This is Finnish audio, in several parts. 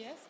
yes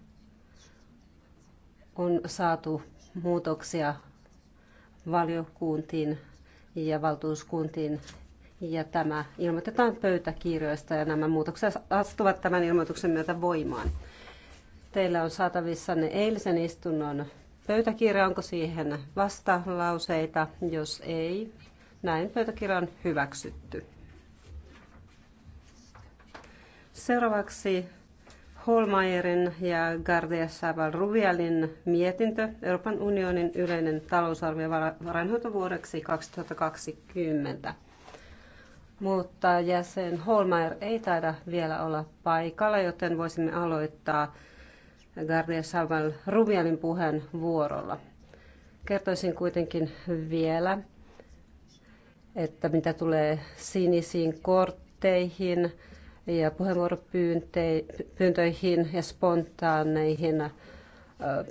on saatu muutoksia valiokuntiin ja valtuuskuntiin ja tämä ilmoitetaan pöytäkirjoista ja nämä muutokset astuvat tämän ilmoituksen myötä voimaan. Teillä on saatavissa ne eilisen istunnon pöytäkirja. Onko siihen vastalauseita? Jos ei, näin pöytäkirja on hyväksytty. Seuraavaksi Holmajerin ja Gardia Saval Ruvialin mietintö Euroopan unionin yleinen talousarvio varainhoitovuodeksi 2020. Mutta jäsen Holmeier ei taida vielä olla paikalla, joten voisimme aloittaa Gardia Saval Ruvialin puheen vuorolla. Kertoisin kuitenkin vielä, että mitä tulee sinisiin kortteihin, ja puheenvuoropyyntöihin ja spontaaneihin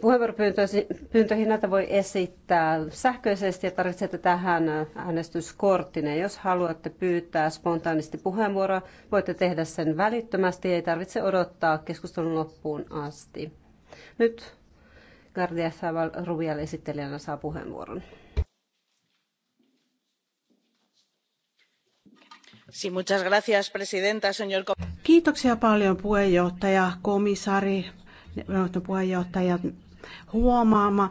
Puheenvuoropyyntöihin näitä voi esittää sähköisesti ja tarvitsette tähän äänestyskorttinen. Jos haluatte pyytää spontaanisti puheenvuoroa, voitte tehdä sen välittömästi, ei tarvitse odottaa keskustelun loppuun asti. Nyt Gardia Saval Rubial esittelijänä saa puheenvuoron. Kiitoksia paljon puheenjohtaja, komissaari, puheenjohtaja huomaama.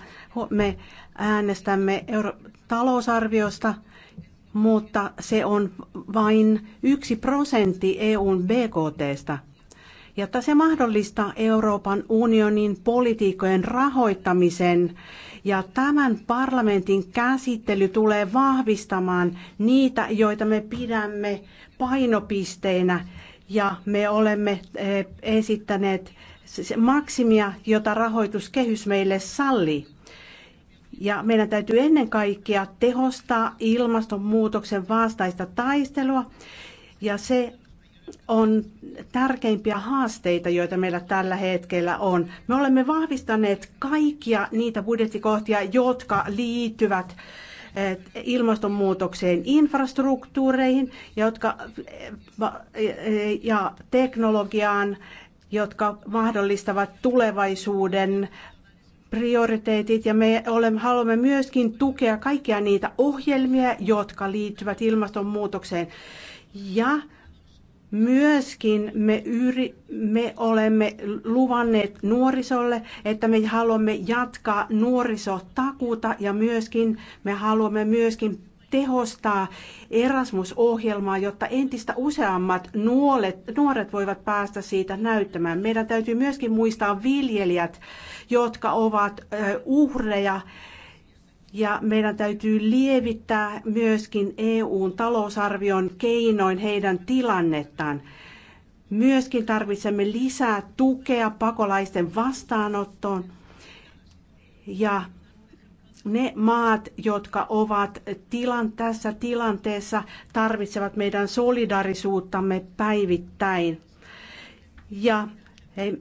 Me äänestämme euro- talousarviosta, mutta se on vain yksi prosentti EUn BKTstä jotta se mahdollistaa Euroopan unionin politiikojen rahoittamisen. Ja tämän parlamentin käsittely tulee vahvistamaan niitä, joita me pidämme painopisteinä. Ja me olemme eh, esittäneet maksimia, jota rahoituskehys meille sallii. Ja meidän täytyy ennen kaikkea tehostaa ilmastonmuutoksen vastaista taistelua. Ja se on tärkeimpiä haasteita, joita meillä tällä hetkellä on. Me olemme vahvistaneet kaikkia niitä budjettikohtia, jotka liittyvät eh, ilmastonmuutokseen infrastruktuureihin jotka, eh, eh, ja teknologiaan, jotka mahdollistavat tulevaisuuden prioriteetit ja me olemme, haluamme myöskin tukea kaikkia niitä ohjelmia, jotka liittyvät ilmastonmuutokseen. Ja Myöskin me, yri, me olemme luvanneet nuorisolle, että me haluamme jatkaa nuorisotakuuta ja myöskin me haluamme myöskin tehostaa Erasmus-ohjelmaa, jotta entistä useammat nuolet nuoret voivat päästä siitä näyttämään. Meidän täytyy myöskin muistaa viljelijät, jotka ovat uhreja ja meidän täytyy lievittää myöskin EUn talousarvion keinoin heidän tilannettaan. Myöskin tarvitsemme lisää tukea pakolaisten vastaanottoon. Ja ne maat, jotka ovat tilan, tässä tilanteessa, tarvitsevat meidän solidarisuuttamme päivittäin. Ja he,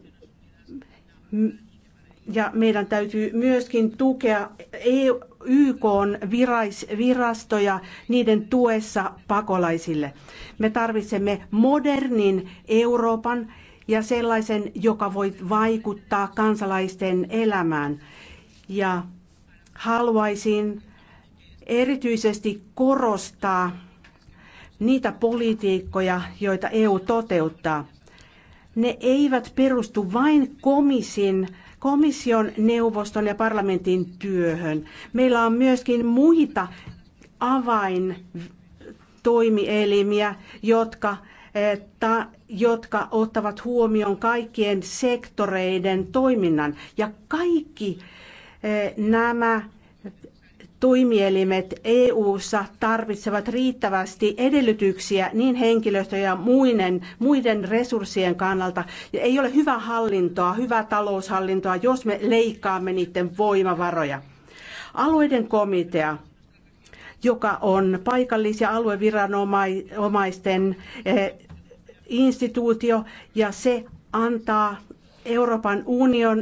ja meidän täytyy myöskin tukea EU, YK virais, virastoja niiden tuessa pakolaisille. Me tarvitsemme modernin Euroopan ja sellaisen, joka voi vaikuttaa kansalaisten elämään. Ja haluaisin erityisesti korostaa niitä politiikkoja, joita EU toteuttaa. Ne eivät perustu vain komisin komission, neuvoston ja parlamentin työhön. Meillä on myöskin muita avaintoimielimiä, jotka että, eh, jotka ottavat huomioon kaikkien sektoreiden toiminnan. Ja kaikki eh, nämä toimielimet EU-ssa tarvitsevat riittävästi edellytyksiä niin henkilöstö- ja muiden, muiden resurssien kannalta. Ja ei ole hyvää hallintoa, hyvää taloushallintoa, jos me leikkaamme niiden voimavaroja. Alueiden komitea joka on paikallis- ja alueviranomaisten eh, instituutio ja se antaa Euroopan union,